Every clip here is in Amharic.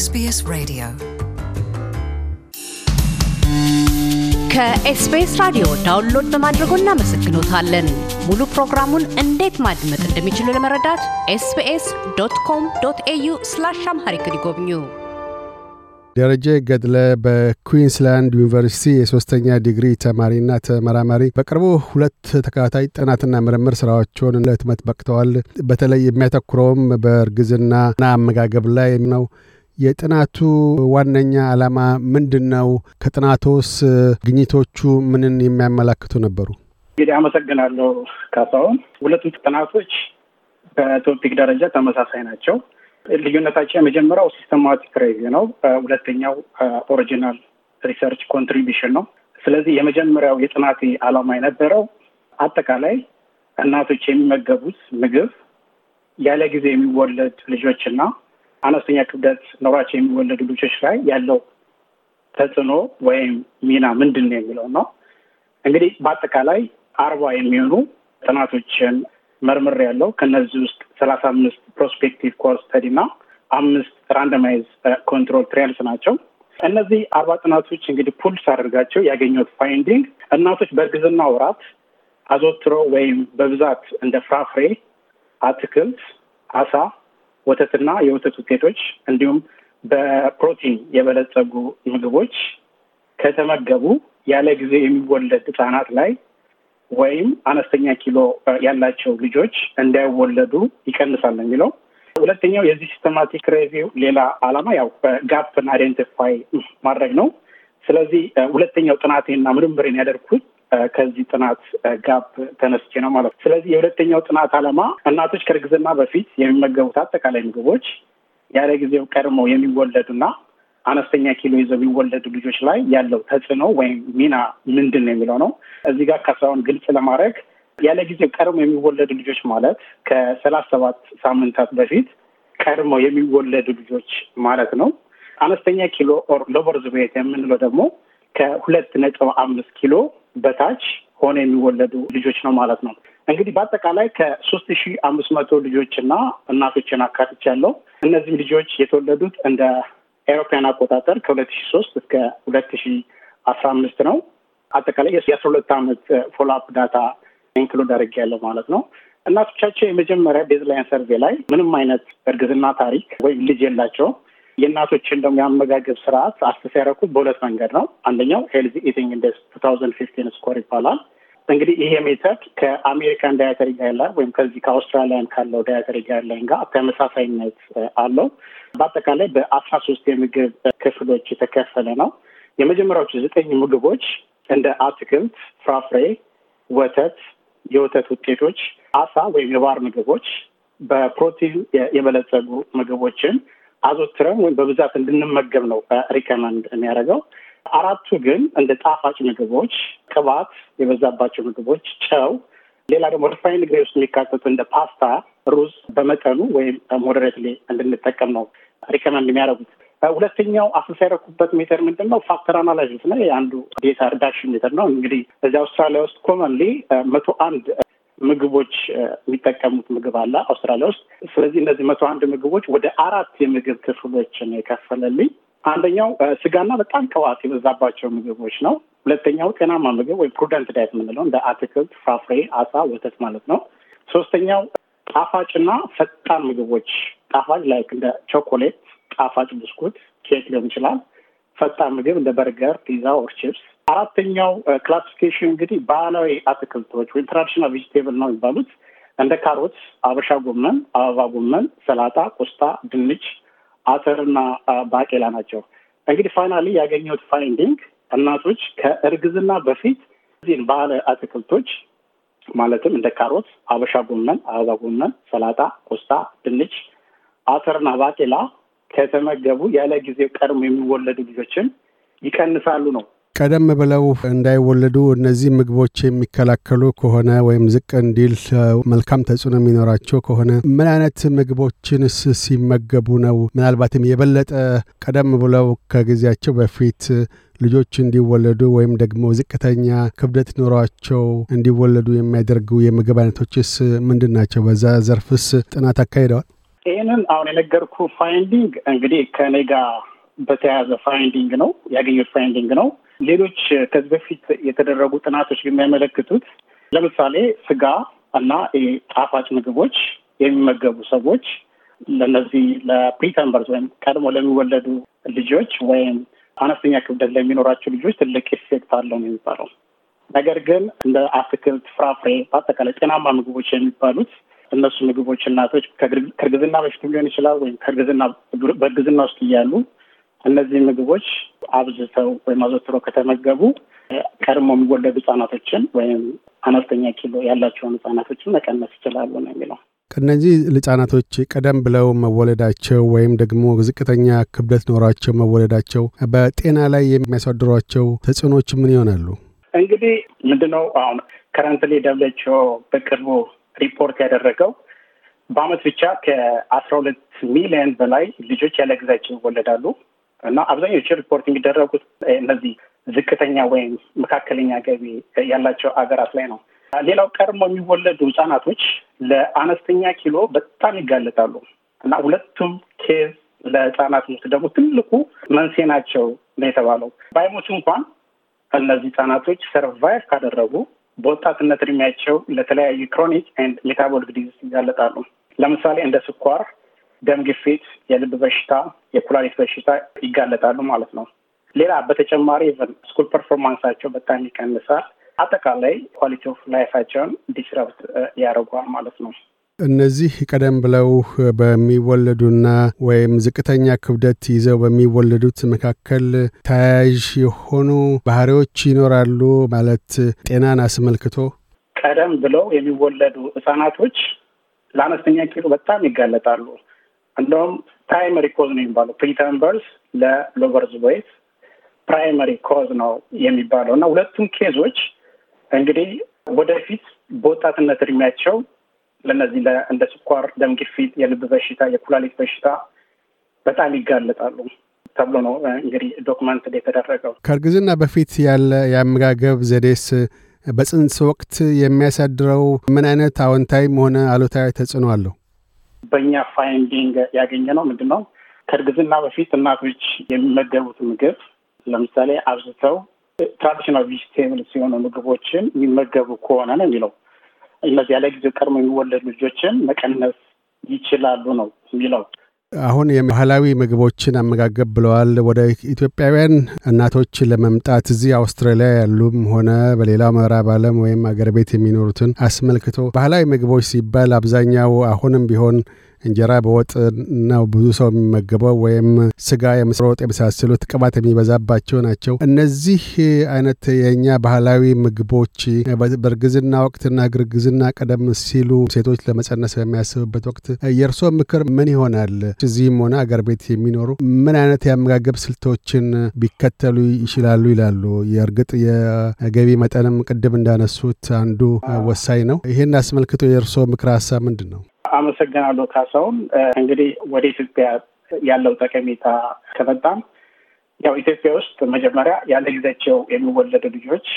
ኤስቢኤስ Radio. ከኤስቢኤስ ራዲዮ ዳውንሎድ በማድረጎ እናመሰግኖታለን። ሙሉ ፕሮግራሙን እንዴት ማድመጥ እንደሚችሉ ለመረዳት ኤስቢኤስ ዶት ኮም ዶት ኤዩ ስላሽ አምሃሪክ ይጎብኙ። ደረጀ ገድለ በኩዊንስላንድ ዩኒቨርሲቲ የሶስተኛ ዲግሪ ተማሪና ተመራማሪ በቅርቡ ሁለት ተከታታይ ጥናትና ምርምር ስራዎችን ለህትመት በቅተዋል። በተለይ የሚያተኩረውም በእርግዝናና አመጋገብ ላይ ነው። የጥናቱ ዋነኛ ዓላማ ምንድን ነው? ከጥናቶስ ግኝቶቹ ምንን የሚያመላክቱ ነበሩ? እንግዲህ አመሰግናለሁ ካሳሁን። ሁለቱም ጥናቶች በቶፒክ ደረጃ ተመሳሳይ ናቸው። ልዩነታቸው የመጀመሪያው ሲስተማቲክ ሬቪ ነው። ሁለተኛው ኦሪጂናል ሪሰርች ኮንትሪቢሽን ነው። ስለዚህ የመጀመሪያው የጥናት ዓላማ የነበረው አጠቃላይ እናቶች የሚመገቡት ምግብ፣ ያለ ጊዜ የሚወለድ ልጆችና አነስተኛ ክብደት ኖሯቸው የሚወለዱ ልጆች ላይ ያለው ተጽዕኖ ወይም ሚና ምንድን ነው የሚለው ነው። እንግዲህ በአጠቃላይ አርባ የሚሆኑ ጥናቶችን መርምር ያለው ከነዚህ ውስጥ ሰላሳ አምስት ፕሮስፔክቲቭ ኮርስ ስተዲ አምስት ራንደማይዝ ኮንትሮል ትሪያልስ ናቸው። እነዚህ አርባ ጥናቶች እንግዲህ ፑል አድርጋቸው ያገኘት ፋይንዲንግ እናቶች በእርግዝና ወራት አዘወትሮ ወይም በብዛት እንደ ፍራፍሬ፣ አትክልት፣ አሳ፣ ወተትና የወተት ውጤቶች እንዲሁም በፕሮቲን የበለጸጉ ምግቦች ከተመገቡ ያለ ጊዜ የሚወለድ ህጻናት ላይ ወይም አነስተኛ ኪሎ ያላቸው ልጆች እንዳይወለዱ ይቀንሳል የሚለው ሁለተኛው የዚህ ሲስተማቲክ ሬቪው ሌላ አላማ ያው ጋፕን አይደንቲፋይ ማድረግ ነው። ስለዚህ ሁለተኛው ጥናቴና ምርምርን ያደርኩት ከዚህ ጥናት ጋብ ተነስቼ ነው ማለት ነው። ስለዚህ የሁለተኛው ጥናት ዓላማ እናቶች ከእርግዝና በፊት የሚመገቡት አጠቃላይ ምግቦች ያለ ጊዜው ቀድመው የሚወለዱና አነስተኛ ኪሎ ይዘው የሚወለዱ ልጆች ላይ ያለው ተጽዕኖ ወይም ሚና ምንድን ነው የሚለው ነው። እዚህ ጋር ካሳሁን ግልጽ ለማድረግ ያለ ጊዜው ቀድሞ የሚወለዱ ልጆች ማለት ከሰላሳ ሰባት ሳምንታት በፊት ቀድመው የሚወለዱ ልጆች ማለት ነው። አነስተኛ ኪሎ ኦር ሎው የምንለው ደግሞ ከሁለት ነጥብ አምስት ኪሎ በታች ሆነ የሚወለዱ ልጆች ነው ማለት ነው። እንግዲህ በአጠቃላይ ከሶስት ሺ አምስት መቶ ልጆችና እናቶችን አካትቻለሁ። እነዚህም ልጆች የተወለዱት እንደ ኤሮፓያን አቆጣጠር ከሁለት ሺ ሶስት እስከ ሁለት ሺ አስራ አምስት ነው። አጠቃላይ የአስራ ሁለት ዓመት ፎሎአፕ ዳታ ኢንክሉድ አድርጌያለሁ ማለት ነው። እናቶቻቸው የመጀመሪያ ቤዝላይን ሰርቬ ላይ ምንም አይነት እርግዝና ታሪክ ወይም ልጅ የላቸውም። የእናቶችን ደግሞ የአመጋገብ ስርዓት አክሰስ ያደረኩት በሁለት መንገድ ነው። አንደኛው ሄልዚ ኢቲንግ ኢንዴክስ ቱ ታውዘንድ ፊፍቲን ስኮር ይባላል። እንግዲህ ይሄ ሜተድ ከአሜሪካን ዳያተሪ ጋይድላይን ወይም ከዚህ ከአውስትራሊያን ካለው ዳያተሪ ጋይድላይን ጋር ተመሳሳይነት አለው። በአጠቃላይ በአስራ ሶስት የምግብ ክፍሎች የተከፈለ ነው። የመጀመሪያዎቹ ዘጠኝ ምግቦች እንደ አትክልት፣ ፍራፍሬ፣ ወተት፣ የወተት ውጤቶች፣ አሳ ወይም የባህር ምግቦች፣ በፕሮቲን የበለጸጉ ምግቦችን አዘወትረን ወይም በብዛት እንድንመገብ ነው ሪከመንድ የሚያደርገው። አራቱ ግን እንደ ጣፋጭ ምግቦች፣ ቅባት የበዛባቸው ምግቦች፣ ጨው፣ ሌላ ደግሞ ሪፋይን ግሬ ውስጥ የሚካተቱ እንደ ፓስታ፣ ሩዝ በመጠኑ ወይም ሞደሬት እንድንጠቀም ነው ሪከመንድ የሚያደርጉት። ሁለተኛው አስልሳ ያደረኩበት ሜተር ምንድን ነው? ፋክተር አናላይሲስ ነው። የአንዱ ዴታ ሪዳክሽን ሜተር ነው። እንግዲህ እዚ አውስትራሊያ ውስጥ ኮመንሊ መቶ አንድ ምግቦች የሚጠቀሙት ምግብ አለ አውስትራሊያ ውስጥ። ስለዚህ እነዚህ መቶ አንድ ምግቦች ወደ አራት የምግብ ክፍሎችን የከፈለልኝ አንደኛው ስጋና በጣም ቅባት የበዛባቸው ምግቦች ነው። ሁለተኛው ጤናማ ምግብ ወይም ፕሩደንት ዳይት የምንለው እንደ አትክልት፣ ፍራፍሬ፣ አሳ፣ ወተት ማለት ነው። ሶስተኛው ጣፋጭና ፈጣን ምግቦች፣ ጣፋጭ ላይ እንደ ቾኮሌት፣ ጣፋጭ ብስኩት፣ ኬክ ሊሆን ይችላል። ፈጣን ምግብ እንደ በርገር፣ ፒዛ ኦር ቺፕስ አራተኛው ክላሲፊኬሽን እንግዲህ ባህላዊ አትክልቶች ወይም ትራዲሽናል ቬጅቴብል ነው የሚባሉት እንደ ካሮት፣ አበሻ ጎመን፣ አበባ ጎመን፣ ሰላጣ፣ ቆስጣ፣ ድንች፣ አተርና ባቄላ ናቸው። እንግዲህ ፋይናሊ ያገኘሁት ፋይንዲንግ እናቶች ከእርግዝና በፊት እዚህን ባህላዊ አትክልቶች ማለትም እንደ ካሮት፣ አበሻ ጎመን፣ አበባ ጎመን፣ ሰላጣ፣ ቆስጣ፣ ድንች፣ አተርና ባቄላ ከተመገቡ ያለ ጊዜው ቀድሞ የሚወለዱ ልጆችን ይቀንሳሉ ነው ቀደም ብለው እንዳይወለዱ እነዚህ ምግቦች የሚከላከሉ ከሆነ ወይም ዝቅ እንዲል መልካም ተጽዕኖ የሚኖራቸው ከሆነ ምን አይነት ምግቦችንስ ሲመገቡ ነው ምናልባትም የበለጠ ቀደም ብለው ከጊዜያቸው በፊት ልጆች እንዲወለዱ ወይም ደግሞ ዝቅተኛ ክብደት ኑሯቸው እንዲወለዱ የሚያደርጉ የምግብ አይነቶችስ ምንድን ናቸው? በዛ ዘርፍስ ጥናት አካሂደዋል? ይህንን አሁን የነገርኩ ፋይንዲንግ እንግዲህ ከኔ ጋር በተያያዘ ፋይንዲንግ ነው ያገኙት ፋይንዲንግ ነው። ሌሎች ከዚህ በፊት የተደረጉ ጥናቶች የሚያመለክቱት ለምሳሌ ስጋ እና ጣፋጭ ምግቦች የሚመገቡ ሰዎች ለነዚህ ለፕሪተምበርስ ወይም ቀድሞ ለሚወለዱ ልጆች ወይም አነስተኛ ክብደት ለሚኖራቸው ልጆች ትልቅ ኢፌክት አለው የሚባለው። ነገር ግን እንደ አትክልት፣ ፍራፍሬ፣ በአጠቃላይ ጤናማ ምግቦች የሚባሉት እነሱ ምግቦች እናቶች ከእርግዝና በፊት ሊሆን ይችላል ወይም ከእርግዝና በእርግዝና ውስጥ እያሉ እነዚህ ምግቦች አብዝተው ወይም አዘውትሮ ከተመገቡ ቀድሞ የሚወለዱ ህጻናቶችን ወይም አነስተኛ ኪሎ ያላቸውን ህጻናቶችን መቀነስ ይችላሉ ነው የሚለው። ከእነዚህ ህጻናቶች ቀደም ብለው መወለዳቸው ወይም ደግሞ ዝቅተኛ ክብደት ኖሯቸው መወለዳቸው በጤና ላይ የሚያሳድሯቸው ተጽዕኖች ምን ይሆናሉ? እንግዲህ ምንድነው አሁን ከረንትሊ ደብለችው በቅርቡ ሪፖርት ያደረገው በአመት ብቻ ከአስራ ሁለት ሚሊዮን በላይ ልጆች ያለ ጊዜያቸው ይወለዳሉ። እና አብዛኞቹ ሪፖርት የሚደረጉት እነዚህ ዝቅተኛ ወይም መካከለኛ ገቢ ያላቸው አገራት ላይ ነው። ሌላው ቀድሞ የሚወለዱ ህጻናቶች ለአነስተኛ ኪሎ በጣም ይጋለጣሉ እና ሁለቱም ኬዝ ለህጻናት ውስጥ ደግሞ ትልቁ መንስኤ ናቸው ነው የተባለው። ባይሞች እንኳን እነዚህ ህጻናቶች ሰርቫይቭ ካደረጉ በወጣትነት እድሜያቸው ለተለያዩ ክሮኒክ ኤንድ ሜታቦሊክ ዲዚዝ ይጋለጣሉ። ለምሳሌ እንደ ስኳር ደም ግፊት፣ የልብ በሽታ፣ የኩላሊት በሽታ ይጋለጣሉ ማለት ነው። ሌላ በተጨማሪ ስኩል ፐርፎርማንሳቸው በጣም ይቀንሳል። አጠቃላይ ኳሊቲ ኦፍ ላይፋቸውን ዲስረፕት ያደርጓል ማለት ነው። እነዚህ ቀደም ብለው በሚወለዱና ወይም ዝቅተኛ ክብደት ይዘው በሚወለዱት መካከል ተያያዥ የሆኑ ባህሪዎች ይኖራሉ ማለት ጤናን አስመልክቶ ቀደም ብለው የሚወለዱ ህጻናቶች ለአነስተኛ ኪሎ በጣም ይጋለጣሉ። እንደውም ፕራይመሪ ኮዝ ነው የሚባለው ፕሪተርን በርዝ ለሎቨርዝ ዌይት ፕራይመሪ ኮዝ ነው የሚባለው እና ሁለቱም ኬዞች እንግዲህ ወደፊት በወጣትነት እድሜያቸው ለነዚህ እንደ ስኳር፣ ደም ግፊት፣ የልብ በሽታ፣ የኩላሊት በሽታ በጣም ይጋለጣሉ ተብሎ ነው እንግዲህ ዶክመንት የተደረገው። ከእርግዝና በፊት ያለ የአመጋገብ ዘዴስ በጽንስ ወቅት የሚያሳድረው ምን አይነት አዎንታዊም ሆነ አሉታዊ ተጽዕኖ አለው? በእኛ ፋይንዲንግ ያገኘ ነው ምንድን ነው ከእርግዝና በፊት እናቶች የሚመገቡት ምግብ ለምሳሌ አብዝተው ትራዲሽናል ቪጂቴብል ሲሆኑ ምግቦችን የሚመገቡ ከሆነ ነው የሚለው እነዚህ ያለ ጊዜ ቀድሞ የሚወለዱ ልጆችን መቀነስ ይችላሉ ነው የሚለው። አሁን የባህላዊ ምግቦችን አመጋገብ ብለዋል። ወደ ኢትዮጵያውያን እናቶች ለመምጣት እዚህ አውስትራሊያ ያሉም ሆነ በሌላው ምዕራብ ዓለም ወይም አገር ቤት የሚኖሩትን አስመልክቶ ባህላዊ ምግቦች ሲባል አብዛኛው አሁንም ቢሆን እንጀራ በወጥ ነው ብዙ ሰው የሚመገበው ወይም ስጋ፣ የምስር ወጥ የመሳሰሉት ቅባት የሚበዛባቸው ናቸው። እነዚህ አይነት የእኛ ባህላዊ ምግቦች በእርግዝና ወቅትና ግርግዝና ቀደም ሲሉ ሴቶች ለመጸነስ በሚያስብበት ወቅት የእርሶ ምክር ምን ይሆናል? እዚህም ሆነ አገር ቤት የሚኖሩ ምን አይነት የአመጋገብ ስልቶችን ቢከተሉ ይችላሉ ይላሉ? የእርግጥ የገቢ መጠንም ቅድም እንዳነሱት አንዱ ወሳኝ ነው። ይህን አስመልክቶ የእርሶ ምክር ሀሳብ ምንድን ነው? አመሰግናለሁ ካሳሁን። እንግዲህ ወደ ኢትዮጵያ ያለው ጠቀሜታ ከመጣም ያው ኢትዮጵያ ውስጥ መጀመሪያ ያለ ጊዜያቸው የሚወለዱ ልጆች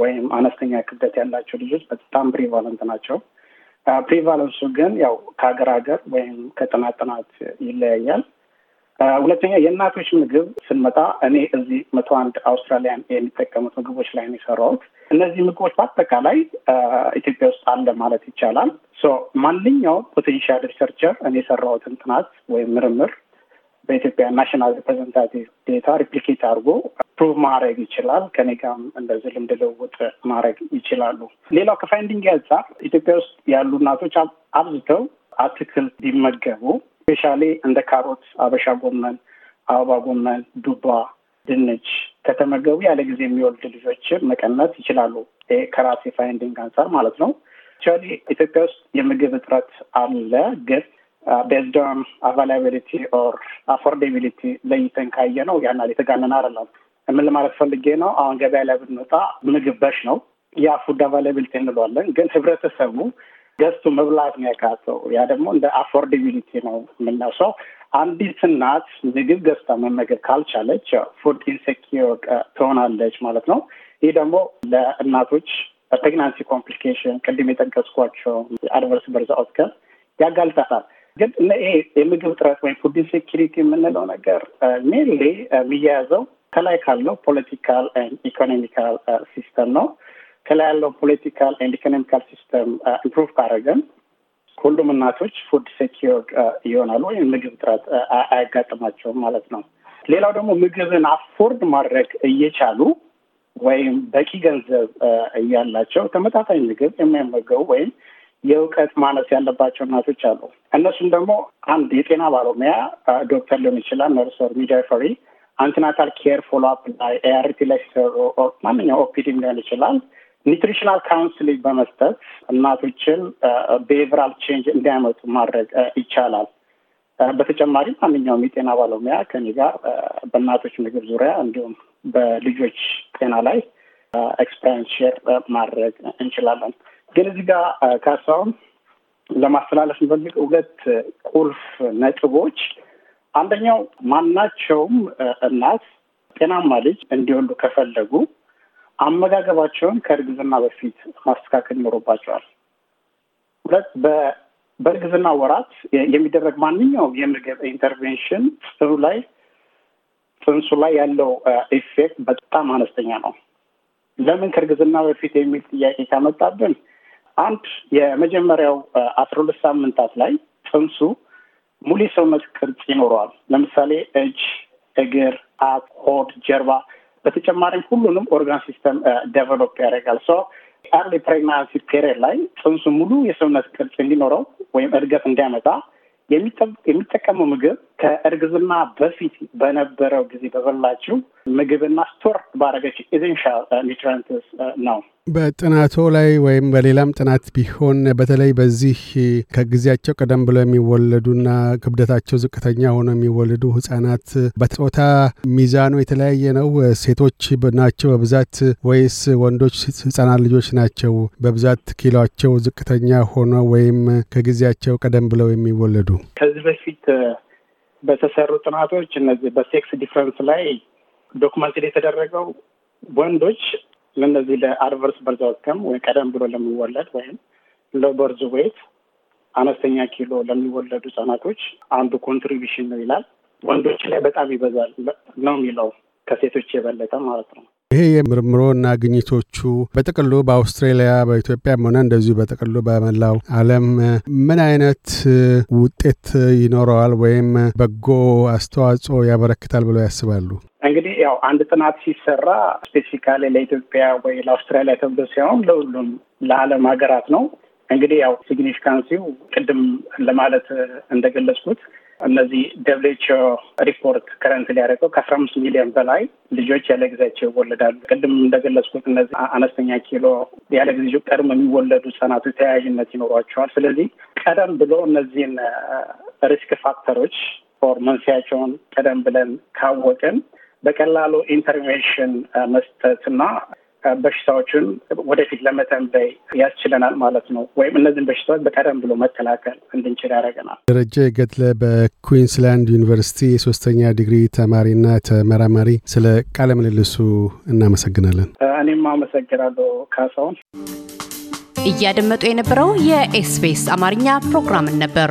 ወይም አነስተኛ ክብደት ያላቸው ልጆች በጣም ፕሪቫለንት ናቸው። ፕሪቫለንሱ ግን ያው ከሀገር ሀገር ወይም ከጥናት ጥናት ይለያያል። ሁለተኛ የእናቶች ምግብ ስንመጣ እኔ እዚህ መቶ አንድ አውስትራሊያን የሚጠቀሙት ምግቦች ላይ ነው የሰራሁት። እነዚህ ምግቦች በአጠቃላይ ኢትዮጵያ ውስጥ አለ ማለት ይቻላል። ማንኛውም ፖቴንሻል ሪሰርቸር እኔ የሰራሁትን ጥናት ወይም ምርምር በኢትዮጵያ ናሽናል ሪፕሬዘንታቲቭ ዴታ ሪፕሊኬት አድርጎ ፕሩቭ ማድረግ ይችላል። ከኔ ጋም እንደዚህ ልምድ ልውውጥ ማድረግ ይችላሉ። ሌላው ከፋይንዲንግ አንጻር ኢትዮጵያ ውስጥ ያሉ እናቶች አብዝተው አትክልት ቢመገቡ ስፔሻሊ እንደ ካሮት፣ አበሻ ጎመን፣ አበባ ጎመን፣ ዱባ፣ ድንች ከተመገቡ ያለ ጊዜ የሚወልድ ልጆችን መቀነስ ይችላሉ። ይሄ ከራሴ ፋይንዲንግ አንጻር ማለት ነው። ቻሊ ኢትዮጵያ ውስጥ የምግብ እጥረት አለ ግን ቤዝዶን አቫላቢሊቲ ኦር አፎርዴቢሊቲ ለይተን ካየ ነው ያና የተጋነን አይደለም። ምን ለማለት ፈልጌ ነው? አሁን ገበያ ላይ ብንወጣ ምግብ በሽ ነው። ያ ፉድ አቫላቢሊቲ እንለዋለን። ግን ህብረተሰቡ ገዝቶ መብላት ነው ያካተው። ያ ደግሞ እንደ አፎርዲቢሊቲ ነው የምናው ሰው አንዲት እናት ምግብ ገዝታ መመገብ ካልቻለች ፉድ ኢንሴኪር ትሆናለች ማለት ነው። ይህ ደግሞ ለእናቶች በፕሬግናንሲ ኮምፕሊኬሽን ቅድም የጠቀስኳቸው አድቨርስ በርዝ አውትከም ያጋልጣታል። ግን ይሄ የምግብ ጥረት ወይም ፉድ ኢንሴኪሪቲ የምንለው ነገር ሜንሊ የሚያያዘው ከላይ ካለው ፖለቲካል ኢኮኖሚካል ሲስተም ነው። ከላይ ያለው ፖለቲካል ኤንድ ኢኮኖሚካል ሲስተም ኢምፕሩቭ ካደረገን ሁሉም እናቶች ፉድ ሴኪር uh, ይሆናሉ ወይም ምግብ እጥረት uh, አያጋጥማቸውም ማለት ነው። ሌላው ደግሞ ምግብን አፎርድ ማድረግ እየቻሉ ወይም በቂ ገንዘብ uh, እያላቸው ተመጣጣኝ ምግብ የሚያመገቡ ወይም የእውቀት ማነስ ያለባቸው እናቶች አሉ። እነሱም ደግሞ አንድ የጤና ባለሙያ ዶክተር ሊሆን ይችላል፣ ነርስ ኦር ሚድዋይፈሪ አንትናታል ኬር ፎሎአፕ ላይ ኤአርቲ ላይ ሲሰሩ ማንኛው ኦፒዲም ሊሆን ይችላል ኒትሪሽናል ካውንስሊንግ በመስጠት እናቶችን ቤቨራል ቼንጅ እንዲያመጡ ማድረግ ይቻላል። በተጨማሪ ማንኛውም የጤና ባለሙያ ከኔ ጋር በእናቶች ምግብ ዙሪያ እንዲሁም በልጆች ጤና ላይ ኤክስፐሪንስ ሼር ማድረግ እንችላለን። ግን እዚህ ጋር ካሳሁን ለማስተላለፍ ንፈልግ ሁለት ቁልፍ ነጥቦች፣ አንደኛው ማናቸውም እናት ጤናማ ልጅ እንዲወልዱ ከፈለጉ አመጋገባቸውን ከእርግዝና በፊት ማስተካከል ይኖርባቸዋል። ሁለት በእርግዝና ወራት የሚደረግ ማንኛውም የምግብ ኢንተርቬንሽን ጽኑ ላይ ጽንሱ ላይ ያለው ኢፌክት በጣም አነስተኛ ነው። ለምን ከእርግዝና በፊት የሚል ጥያቄ ካመጣብን አንድ የመጀመሪያው አስራ ሁለት ሳምንታት ላይ ጽንሱ ሙሉ ሰውነት ቅርጽ ይኖረዋል። ለምሳሌ እጅ፣ እግር፣ አፍ፣ ሆድ፣ ጀርባ በተጨማሪም ሁሉንም ኦርጋን ሲስተም ዴቨሎፕ ያደርጋል። ሶ አርሊ ፕሬግናንሲ ፔሪድ ላይ ጽንሱ ሙሉ የሰውነት ቅርጽ እንዲኖረው ወይም እድገት እንዲያመጣ የሚጠቀመው ምግብ ከእርግዝና በፊት በነበረው ጊዜ በበላችው ምግብና ስቶር ባረገች ኢዘንሻል ኒውትሪንትስ ነው። በጥናቶ ላይ ወይም በሌላም ጥናት ቢሆን በተለይ በዚህ ከጊዜያቸው ቀደም ብለው የሚወለዱና ክብደታቸው ዝቅተኛ ሆነው የሚወለዱ ህጻናት በጾታ ሚዛኑ የተለያየ ነው? ሴቶች ናቸው በብዛት ወይስ ወንዶች ህጻናት ልጆች ናቸው በብዛት ኪሏቸው ዝቅተኛ ሆነው ወይም ከጊዜያቸው ቀደም ብለው የሚወለዱ? ከዚህ በፊት በተሰሩ ጥናቶች እነዚህ በሴክስ ዲፍረንስ ላይ ዶክመንት የተደረገው ወንዶች ለእነዚህ ለአድቨርስ በርዝ አውትከም ወይ ቀደም ብሎ ለሚወለድ ወይም ለበርዝ ዌት አነስተኛ ኪሎ ለሚወለዱ ህጻናቶች አንዱ ኮንትሪቢሽን ነው ይላል። ወንዶች ላይ በጣም ይበዛል ነው የሚለው ከሴቶች የበለጠ ማለት ነው። ይሄ እና ግኝቶቹ በጥቅሉ በአውስትራሊያ በኢትዮጵያም ሆነ እንደዚሁ በጥቅሉ በመላው ዓለም ምን አይነት ውጤት ይኖረዋል ወይም በጎ አስተዋጽኦ ያበረክታል ብለው ያስባሉ? እንግዲህ ያው አንድ ጥናት ሲሰራ ስፔሲፊካሊ ለኢትዮጵያ ወይ ለአውስትራሊያ ተብሎ ሳይሆን ለሁሉም ለዓለም ሀገራት ነው። እንግዲህ ያው ሲግኒፊካንሲው ቅድም ለማለት እንደገለጽኩት እነዚህ ደብሊውኤችኦ ሪፖርት ከረንት ሊያደርገው ከአስራ አምስት ሚሊዮን በላይ ልጆች ያለ ጊዜያቸው ይወለዳሉ። ቅድም እንደገለጽኩት እነዚህ አነስተኛ ኪሎ ያለ ጊዜ ቀድሞ የሚወለዱ ህጻናቱ ተያያዥነት ይኖሯቸዋል። ስለዚህ ቀደም ብሎ እነዚህን ሪስክ ፋክተሮች ፎር መንስያቸውን ቀደም ብለን ካወቅን በቀላሉ ኢንተርቬንሽን መስጠትና በሽታዎችን ወደፊት ለመተንበይ ያስችለናል ማለት ነው። ወይም እነዚህን በሽታዎች በቀደም ብሎ መከላከል እንድንችል ያደረገናል። ደረጀ ገጥለ በኩዊንስላንድ ዩኒቨርሲቲ የሶስተኛ ዲግሪ ተማሪና ተመራማሪ፣ ስለ ቃለ ምልልሱ እናመሰግናለን። እኔም አመሰግናለሁ ካሳሁን። እያደመጡ የነበረው የኤስቢኤስ አማርኛ ፕሮግራምን ነበር።